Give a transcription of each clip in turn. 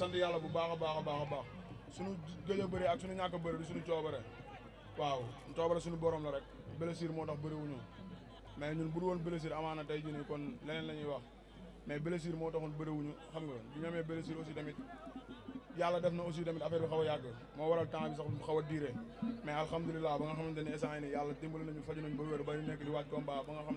sant yàlla bu baax a baax a baax a baax suñu gëj a bëri ak suñu ñàkk a du suñu coobare waaw coobare suñu borom la rek blessure moo tax bëriwuñu mais ñun bu dul woon blessure amaana tey jii nii kon leneen la ñuy wax mais blessure moo taxoon bëriwuñu xam nga bi ñu amee blessure def na aussi tamit affaire bi xaw a yàgg moo waral temps bi sax mu xaw a diire mais alhamdulilah ba nga xamante ne instant yii nii yàlla dimbali nañu faju nañu ba wér ba ñu nekk di waaj combat ba nga la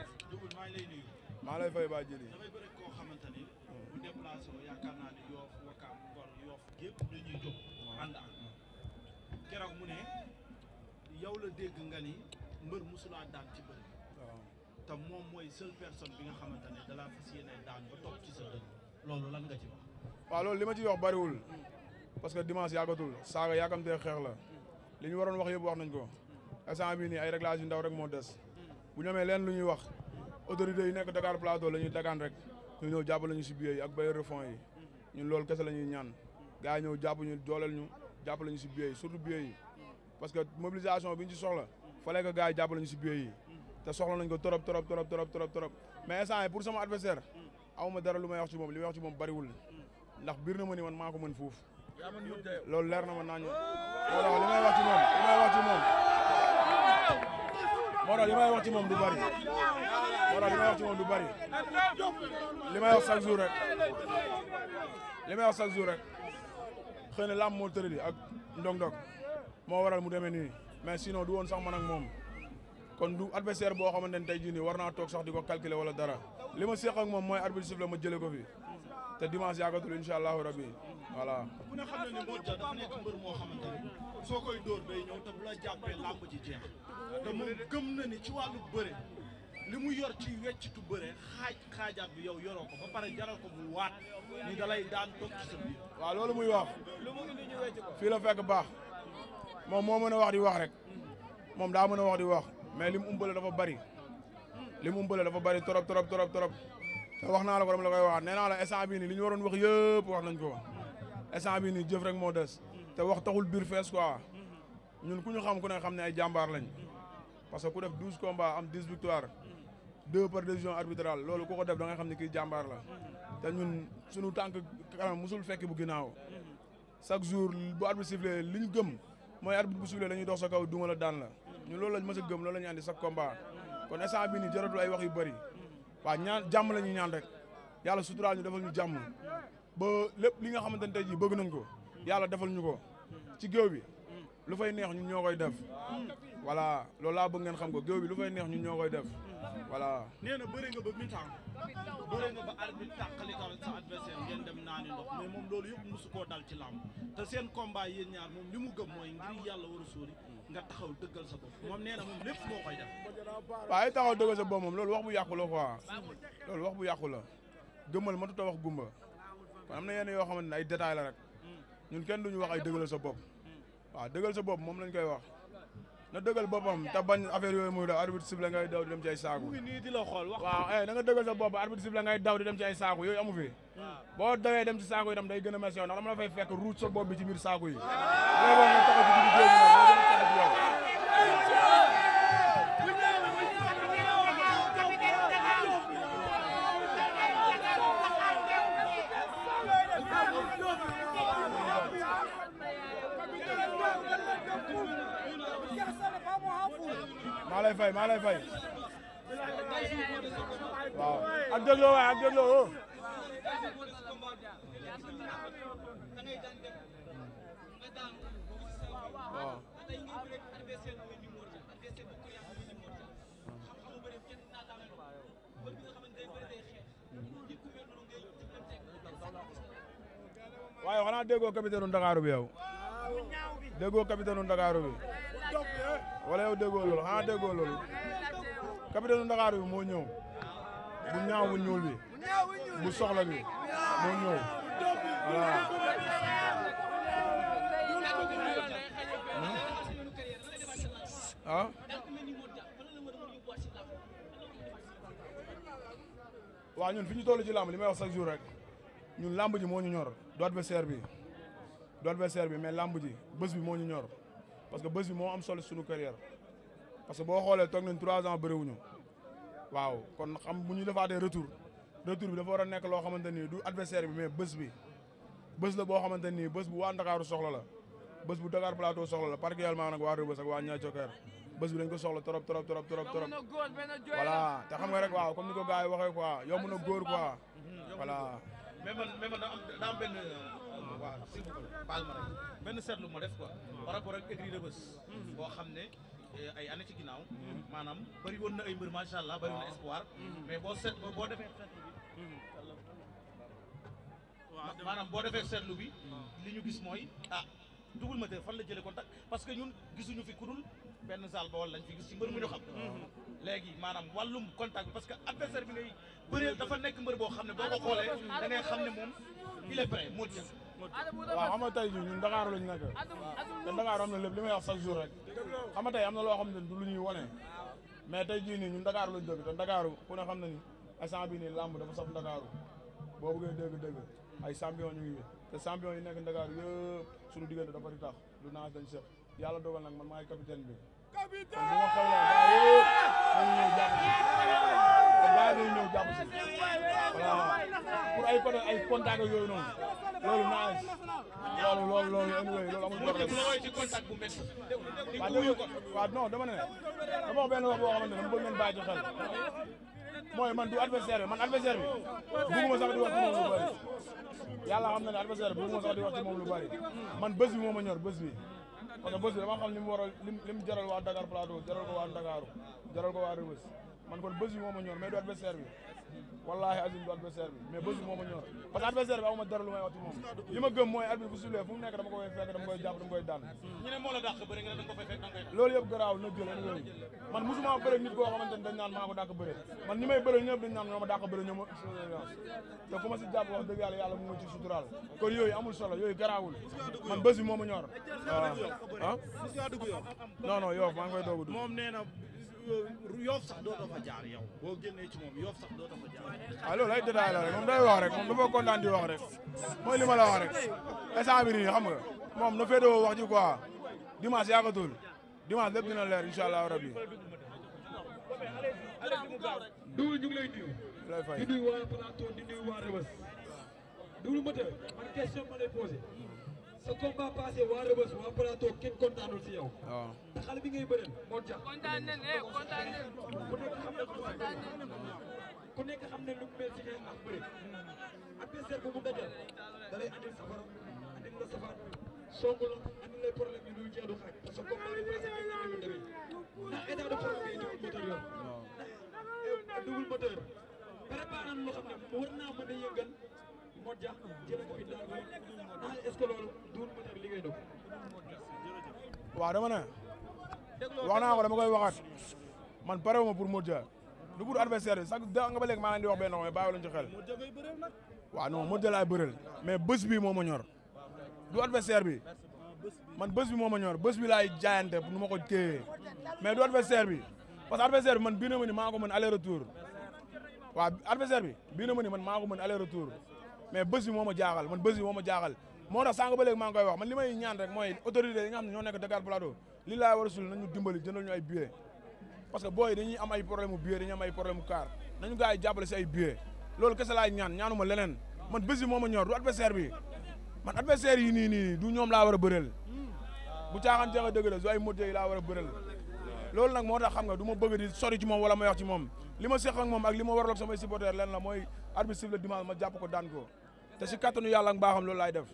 ñuy maa ngi lay maa lay fay baa jëli. damay bëri koo xamante ni. bu déplacé yaakaar naa ni Yoff Wakaam Ngor Yoff yëpp dañuy jóg. ànd ak mu ne yow la dégg nga ni mbër musulaa daan ci bëri. te moom mooy seule personne bi nga xamante ne da laa fas yéene daan ba toog ci sa loolu lan nga ci wax. loolu li ma ci wax bariwul. parce que dimanche yàggatul saaga yàkkamtee xeex la. li ñu waroon wax yëpp wax nañ ko. instant bii nii ay réglages yu ndaw rek moo des. Hmm. bu ñu leen lu ñuy wax. autorité yi nek Dakar Plateau lañuy ñuy rek ñu ñew japp lañu ci biir yi ak bay refond yi ñun lool kese lañuy ñaan gars ñew japp ñu dooleel ñu japp lañu ci biir yi surtout biir yi parce que mobilisation biñ ci soxla fallait que gars yi jàppale ñu si billets yi té soxla nañ ko torop torop torop torop torop torop mais instant pour sama adversaire awuma dara lu may wax ci mom li wax ci mom bari wul ndax biir na ma ni man mako man fouf lool leer na ma nañu ñu li may wax ci mom li may wax ci moom moo tax li may wax ci moom du bari voilà li may wax ci moom li may wax chaque jour rek li may wax chaque jour rek xëy na làmb moo tëradi ak ndong-ndong moo waral mu demee nii mais sinon du woon sax ma ak moom kon du adversaire boo xamante ne tey jii nii war naa toog sax di ko calculer wala dara li ma seq ak moom mooy arbitre siffle ma jëlee ko fi te dimanche yaakatul incha allahu rabbi voilà. bu ne xam ne ni Modou Dia dafa nekk mbër moo xamante ne soo koy dóor day ñëw te bu la jàppee làmb ji jeex te gëm na ni ci wàllu bëre. li mu yor ci weccitu bëre xaaj xaajaat bi yow yoroo ko ba pare jaral ko mu waat ni da lay daan toog ci sa biir. waaw loolu muy wax. lu mu indi ñu wecc ko. fii la fekk baax moom moo mën a wax di wax rek moom daa mën a wax di wax mais li mu umbale dafa bari li mu umbale dafa bari trop trop trop trop te wax naa la ko dama la koy wax nee naa la instant bii nii li ñu waroon wax yëpp wax nañ ko instant bii nii jëf rek moo des te wax taxul biir fees quoi ñun ku ñu xam ku ne xam ne ay jàmbaar lañ parce que ku def douze combats am dix victoires. deux par décision arbitrale loolu ku ko def da nga xam ne kii jàmbaar la te ñun suñu tànk kanam musul fekk bu ginnaaw chaque jour bu arbitre sifflé li ñu gëm mooy arbitre bu sifflé dañuy dox sa kaw duma la daan la ñun loolu lañ mës a gëm loolu la ñu andi chaque combat kon instant bi nii jaratul ay wax yu bëri waaw ñaan jàmm la ñuy ñaan rek yàlla suturaal ñu defal ñu jàmm ba lépp li nga xamante ne tey jii bëgg nañ ko yàlla defal ñu ko ci géew bi lu fay neex ñun ñoo koy def. voilà loolu laa bëgg ngeen xam ko géew bi lu fay neex ñun ñoo koy def. voilà. nee na bëre nga ba mi temps nga ba arbitre tàqalikal sa adversaire ngeen dem naani ndox mais moom loolu yëpp mosu koo dal ci làmb te seen combat yéen ñaar moom li mu gëm mooy ngir yàlla war a sóori nga taxaw dëggal sa bopp moom nee lépp moo koy def. waaye taxaw loolu wax bu yàqu ko quoi loolu wax bu yàqu la gëmmal matuta wax gumba kon am na yenn yoo xamante ne ay détails la rek ñun kenn duñu wax ay dëggal sa bopp waaw dëggal sa bopp moom lañ koy wax na dëggal boppam te bañ affaire yooyu muy def arbitre siffle ngay daw di dem ci ay saako. mu ngi nii di la xool wax waaw eh da nga dëggal sa di dem ci ay yooyu amu fi. boo dawee dem ci saako yi itam day gën a mes yow ndax dama la fay fekk ruuj sa bopp bi ci biir saako yi. lay fay maa lay fay waaw ak dégloo waay ak dégloo waaw waaye xanaa déggoo capitaine Ndakaaru bi yow wala yow déggoo loolu xanaa ah, déggoo loolu capitaine Ndakaaru bi moo ñëw bu ñaaw bu ñuul bi bu soxla bi moo ñëw voilà. Hmm? ah. waaw ñun fi ñu toll ci làmb li ma wax chaque jour rek ñun làmb ji moo ñu ñor du adversaire bi du adversaire bi mais làmb ji bés bi moo ñu ñor. parce que bës bi moo am solo suñu carrière parce que boo xoolee toog nañ trois ans ñu waaw kon xam bu ñu defaatee retour retour bi dafa war a nekk loo xamante ni du adversaire bi mais bés bi bës la boo xamante ni bés bu waa Ndakaaru soxla la bés bu Dakar Plateau soxla la particulièrement nag waa Rebeuss ak waa Niayes Thioker bés bi dañ ko soxla trop trop trop trop trop voilà te xam nga rek waaw comme ni ko gars yi waxee quoi yomb na góor quoi voilà. mais waaw baal ma rek menn seetlu ma def quoi par rapport ak écrit boo xam ne eh, ay année ci ginnaaw mm-hmm. maanaam bari woon na ay mbër macha allah bëri woon na espoir mm-hmm. mais boo seet boo defee seetlu mm-hmm. bi maanaam boo defee seetlu bi li ñu gis mooy ah dugul ma te fan la jëlee kontak parce que ñun gisuñu fi kudul benn saal ba wal lañ fi gis ci mbër mu ñu xam léegi maanaam wàllum contact parce que adversaire bi ngay bëreel dafa nekk mbër boo xam ne boo ko xoolee da ngay xam ne moom il est prêt moo tiit waaw xam nga tey jii ñun Dakar lañ nekk te Dakar am na lépp li may wax chaque jour rek xam nga tey am na loo xam ne du lu ñuy wane mais tey jii nii ñun Dakar lañ dëgg Dakar ku ne xam ni instant bii nii làmb dafa saf Dakar boo bëggee dëgg-dëgg ay champion ñu ngi te champion yi nekk Dakar yëpp suñu diggante dafa di tax lu naas dañ seq yàlla dogal nag man maay capitaine bi pour ay côté ay contact yooyu noonu loolu naa loolu loolu loolu loolu amul problème. waaw non dama ne dama wax benn wax boo xamante ne dama bëgg ngeen bàyyi ci xel mooy man du adversaire bi man adversaire bi bëgguma sax di wax ci moom lu bari yàlla xam na ne adversaire bi bëgguma sax di wax ci moom lu bari man bés bi moo ma ñor bés bi. parce que bés bi dama xam li mu waral li mu jaral waa Dakar Plateau jaral ko waa Ndakaaru jaral ko waa Rëbës man kon bés bi moo ma ñor mais du wallahi azim du adversaire bi mais bés bi ñor parce que adversaire dara lu may wax ci moom li ma gëm mooy arbitre bu sulee fu mu nekk dama koy fekk dama koy daan ñu ne moo la dàq bëri nga ne danga ko fay fekk danga koy loolu yëpp na jël anyway man musuma bëri nit koo xamante ne dañ ko dàq bëri mu ma ci kon yooyu amul solo yooyu garaawul man bés bi ñor ah. ah non non yow maa ngi yoof sax dootoo fa jaar yow boo génnee ci moom yoof sax dootoo fa jaar. waaw loolu ay détail la rek moom day wax rek moom dafa kontaan di wax rek mooy li la wax rek instant bii xam moom na féetewoo wax ji quoi dimanche yàggatul dimanche lépp dina leer incha allah sa combat passé waa Rebeuss waa Plateau kenn kontaanul si yow. waaw ah. bi ngay bëreel moo tax. kontaan nañ eh nekk xam ne ku nekk xam ne lu mu si xeex ak bëri. adversaire bu mu dajal da lay andil safara andil la safar songu la andil lay problème yu dul jeexu xaaj te sa combat bi passé kenn nga demul demee ndax état de forme bi double yoon. waaw ah. eh, double moteur. préparé moo jaax jëlee ko indi ah, dama ne. wax naa ko dama koy waxaat man pare wu ma pour Modou Dia lu bi sax da nga ba léegi maa leen di wax benn xaw ma bàyyi leen ci xel. waaw non Modou Dia laay bëreel mais bés bi moo ma ñor du adversaire bi man bës bi moo ma ñor bés bi laay jaayante pour nu ma ko téye mais du adversaire bi parce que adversaire bi man bii na ma ni maa ko mën aller retour waaw bi bii na ma ni man maa ko mën aller retour. mais bés bi moo ma jaaxal man bés moo ma jaaxal moo ba léegi maa ngi wax man li may rek mooy autorité yi nga xam ne ñoo li laay war a sul nañu dimbali jëndal ñu ay billets parce que booy dañuy am ay problème mu billet dañuy am ay problème mu car nañu gars yi jàppale si ay billets loolu kese laay ñaan ñaanuma leneen man bés bi moo ma ñor du adversaire bi man adversaire yi nii nii du ñoom laa war a bëreel bu caaxaan jeex a dëgg la du ay moté yi laa war a bëreel arbitre siffle dimanche ma jàpp ko daan ko te si kattanu yàlla ak mbaaxam loolu laay def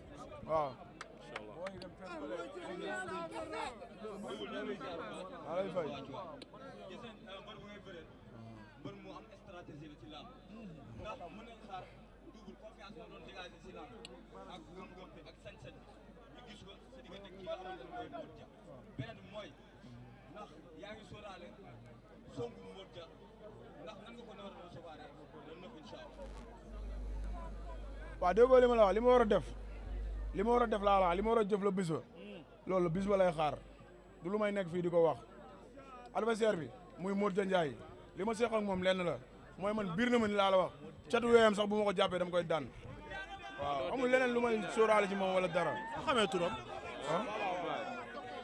waaw déggoo li ma la wax li ma war a def li ma war a def laa la li ma war a jëf la bis ba loolu bis ba lay xaar du lu may nekk fii di ko wax adversaire bi muy Modou Ndiaye li ma seeq ak moom lenn la mooy man biir na ma ni laa la wax catu weeyam sax bu ma ko jàppee dama koy daan waaw amul leneen lu may sóoraale ci moom wala dara xamee turam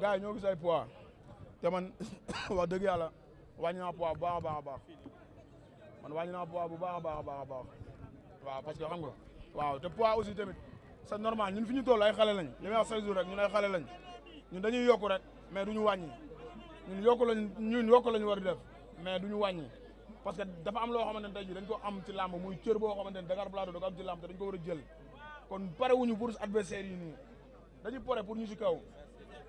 gars yi ñoo gis ay poids te man wax dëgg yàlla wàññi naa poids bu baax a baax a baax man naa poids bu baax a baax a baax a baax waaw parce que xam nga waaw te poids aussi tamit c'est normal ñun fi ñu toll ay xale lañ li may wax chaque rek ñun ay xale lañ ñun dañuy yokk rek mais duñu wàññi ñun yokku lañ ñun yokku lañ war di def mais duñu wàññi parce que dafa am loo xamante ne tey jii dañ ko am ci làmb muy cër boo xamante ne Dakar Plateau da am ci làmb te dañ ko war a jël kon pare wuñu pour adversaire yi nii dañuy pare pour ñu si kaw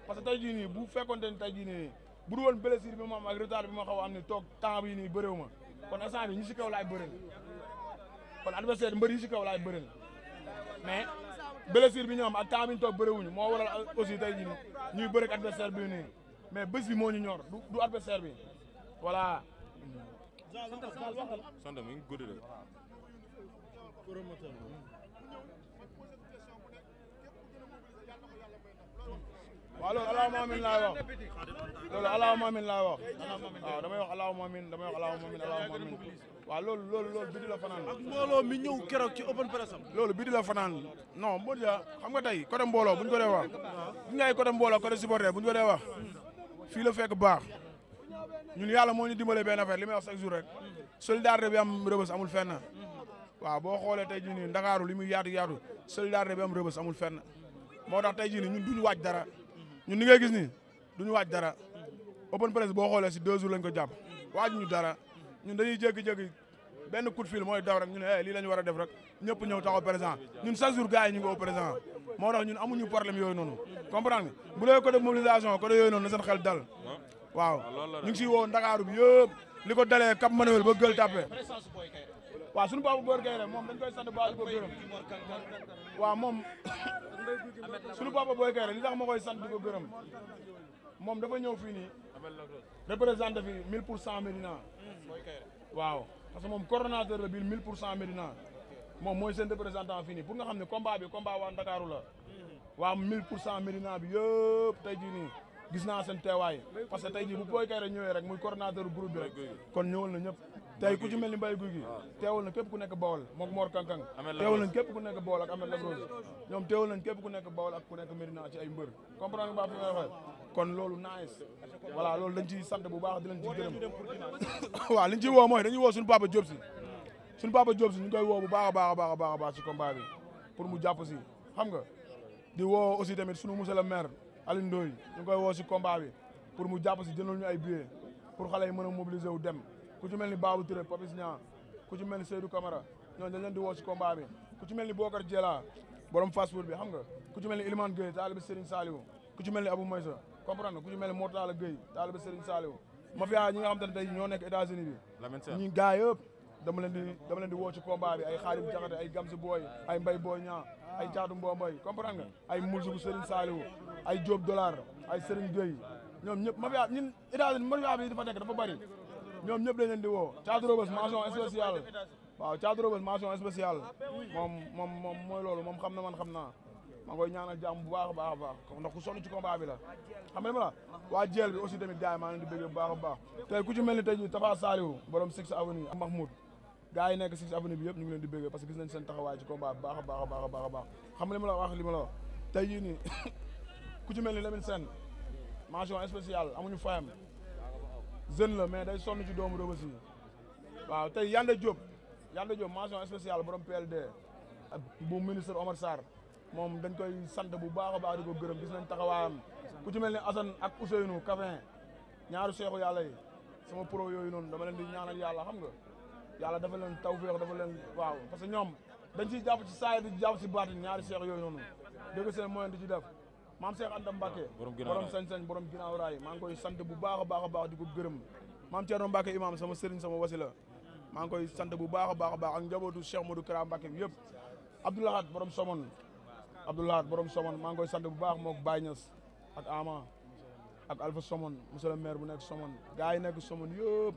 parce que tey jii bu fekkonte ni tey jii nii bu dul woon bi ma am bi ma xaw am ni toog temps bii nii bëréew ma kon instant bi ñi si kaw laay bëreel kon adversaire mbër yi si kaw laay bëreel mais blessure bi ñu am ak temps bi ñu toog bëréewuñu moo waral aussi tey jii nii ñuy bëreeg adversaire bi nii mais bés bi moo ñu ñor du du bi voilà. sant mi ngi gudd waaw loolu allahumma amin laay wax loolu allahumma amin laay wax waaw damay wax allahumma amin damay wax allahumma amin allahumma amin waaw loolu loolu loolu bi di la fanaan ak mbooloo mi ñëw keroog ci open press am loolu bi la fanaan non Modou Dia xam nga tey côté mbooloo bu ñu ko dee wax bu ñu ay côté mbooloo côté supporter bu ñu ko wax fii la fekk baax ñun yàlla moo ñu dimbale benn affaire li may wax chaque jour rek solidarité bi a rëbës amul fenn waaw boo xoolee tey jii nii Ndakaaru li muy yaatu yaatu solidarité bi am rëbës amul moo tax tey jii nii ñun duñu dara ñun ni ngay gis ni duñu waaj dara open press boo xoolee si deux jours lañ ko jàpp waaj ñu dara ñun dañuy jékki-jékki benn coup de fil mooy daw rek ñu ne eh lii la ñu war a def rek ñëpp ñëw taxaw présent ñun chaque jour gars yi ñu ngi au présent moo tax ñun amuñu problème yooyu noonu comprendre nga bu dee côté mobilisation côté yooyu noonu na seen xel dal waaw ah, ñu ngi siy woo Ndakaaru bi yëpp li ko dalee Cap Manuel ba Gueule Tapée waa suñu baabu Boy Gaynde moom dañ koy sant baax di ko gërëm waaw moom suñu baabu Boy Gaynde li tax ma koy sant di gërëm moom dafa ñëw fii nii représenté fi mille pour cent Médina waaw parce que moom coordonnateur la biir mille pour cent Médina moom mooy seen représentant fii nii pour nga xam ne combat bi combat waa Ndakaaru la waa mille pour cent Médina bi yëpp tey jii nii gis naa seen teewaay parce que tey jii bu Boy Gaynde ñëwee rek muy coordonnateur groupe bi rek kon ñëpp tey ku ci mel ni Mbaye Gouy Gui teewal na képp ku nekk Bawol mook Mor Kankang teewal nañ képp ku nekk Bawol ak na Labrose ñoom teewal nañ képp ku nekk Bawol ak ku nekk Médina ci ay mbër comprendre nga baax kon loolu nice voilà loolu dañ ciy sant bu baax di leen ci gërëm waaw liñ woo mooy dañu woo suñu papa Diop si suñu papa Diop si ñu koy woo bu baax a baax a baax a baax a baax ci combat bi pour mu jàpp si xam nga di woo aussi tamit suñu monsieur le maire Alioune Ndoye ñu koy woo si combat pour mu jàpp si jëndal ñu ay pour xale yi mën a mobiliser wu dem ku ci mel ni Babou Touré Papis Niang ku ci mel ni Seydou Camara ñooñu dañ leen di woo ci combat bi ku ci mel ni Bokar Diela borom fast bi xam nga ku ci mel ni Ilimane Gueye taalibe Serigne Saliou ku ci mel ni Abou Maysa comprendre ku ci mel ni Mortala Gueye taalibe Serigne Saliou mafia ñi nga xam ñoo nekk États-Unis bi ñi gaa yëpp dama leen di dama leen di woo ci combat bi ay Xaadim Jaxate ay Gamsi Booy ay Mbay Booy Ñaa ay Caatu Mbomboy comprendre nga ay Mulsugu Serigne Saliou ay Diop Dollar ay ñoom ñëpp dañ leen di woo Thiatou Rebeus mention spéciale waaw Thiatou Rebeus mention moom moom moom mooy loolu moom xam na man xam na maa ngi koy bu baax a baax a baax ndax ku sonn ci combat bi la xam nga ma la waa jeel bi aussi tamit gars yi maa ngi leen di bëgg bu baax a baax tey ku ci mel ni tey jii Tafa Saliou borom Six Avenue ak Mahmoud gars yi nekk Six Avenue bi yëpp ñu ngi leen di bëgg parce que gis nañ seen taxawaay ci combat baax a baax a baax a baax a baax xam nga nii ku ci mel ni Lamine Sène mention spéciale amuñu fayam jeune la mais day sonn ci doomu Rebeuss yi waaw tey Yanda Diop Yanda Diop mention spéciale borom PLD ak bu ministre Omar Sarr moom dañ koy sant bu baax a baax di ko gërëm gis nañ taxawaayam ku ci mel ne Assane ak Ousseynou Kafin ñaari seexu yàlla yi sama pro yooyu noonu dama leen di ñaanal yàlla xam nga yàlla dafa leen tawfeex dafa leen waaw parce que ñoom dañ ciy jàpp ci saay di jàpp ci baat ñaari seex yooyu noonu dégg seen moyen di ci def maam Cheikh Anta Mbacke borom sañ-sañ borom ginnaaw raay maa ngi koy sant bu baax a baax a baax di ko gërëm maam Thierno Mbacke imam sama sëriñ sama wasila maa ngi koy sant bu baax a baax a baax ak njabootu Cheikh Modou Kara Mbacke bi yëpp Abdoulahat borom somon Abdoulahat borom somon maa ngi koy sant bu baax mook Baye Niass ak Ama ak Alpha somon monsieur le maire bu nekk somon gars yi nekk somon yëpp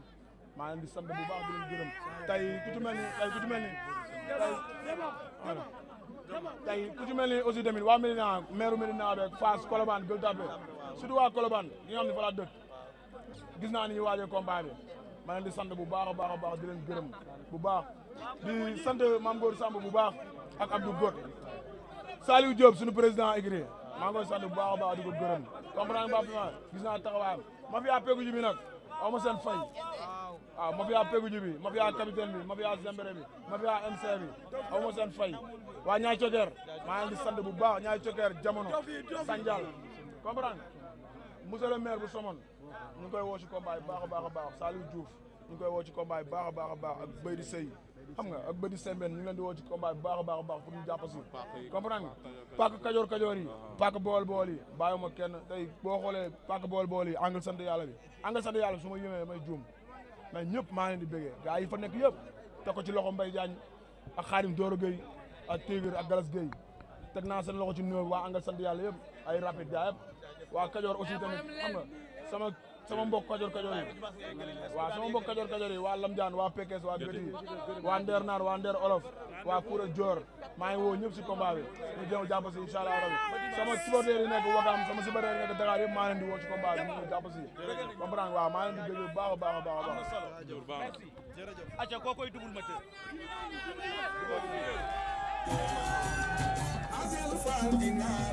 maa leen di sant bu baax di leen gërëm tey ku ci ni tey ku ci mel tey ku ci mel ni aussi tamit waa Médina na Médina beeg Fass Colobane Gueule Tapée surtout waa Colobane ñi nga xam ne fa laa dëkk gis naa ni ñu waajee combat bi ma di sant bu baax a baax a baax di leen gërëm bu baax di sant Mame Gor Samb bu baax ak Abdou Got Saliou Diop suñu président écrit maa ngi koy sant bu baax a baax di ko gërëm comprendre nga baax gis naa taxawaayam ma fi àppeeku ji nag aw ma seen a waaw mafia Pegu bi mafia capitaine bi mafia Zembere bi mafia MC bi aw ma seen fay waa ñaay cokeer maa ngi di sant bu baax ñaay cokeer jamono sanjal comprendre monsieur le maire bu Somone ñu ngi koy woo ci combat baax baax a baax Saliou Diouf ñu ngi koy woo ci combat yi baax a baax a baax ak Baydi xam nga a bëri sembeen ñu leen di woo ci combat bi baax a baax a baax pour ñu jàpp si comprendre nga pàkk kajoor kajoor yi bool bool yi kenn tey boo xoolee pàkk bool bool yi angal sant yàlla bi angal sant yàlla may juum mais ñëpp maa leen di béggee gars yi fa nekk yëpp teg ko ci loxo Mbaye Diagne ak Xaadim Dooro Gueye ak Tévir ak Galas Gueye teg naa seen loxo ci nuyoo waa angal sant yàlla yëpp ay rapide gars yëpp waa kajoor aussi tamit xam nga sama sama mbokk kajoor kajoor yi waaw sama mbokk kajoor kajoor yi waa Lamjaan waa Pekes waa Béti waa Ndeer Naar waa Ndeer Olof waa Kuura Joor maa ngi woo ñëpp si combat bi ñu jéem a allah sama supporter yi nekk Wakaam sama supporter yi nekk Dakar maa leen di woo si combat bi ñu jàpp si comprendre waaw maa leen di déglu baax a baax a baax a baax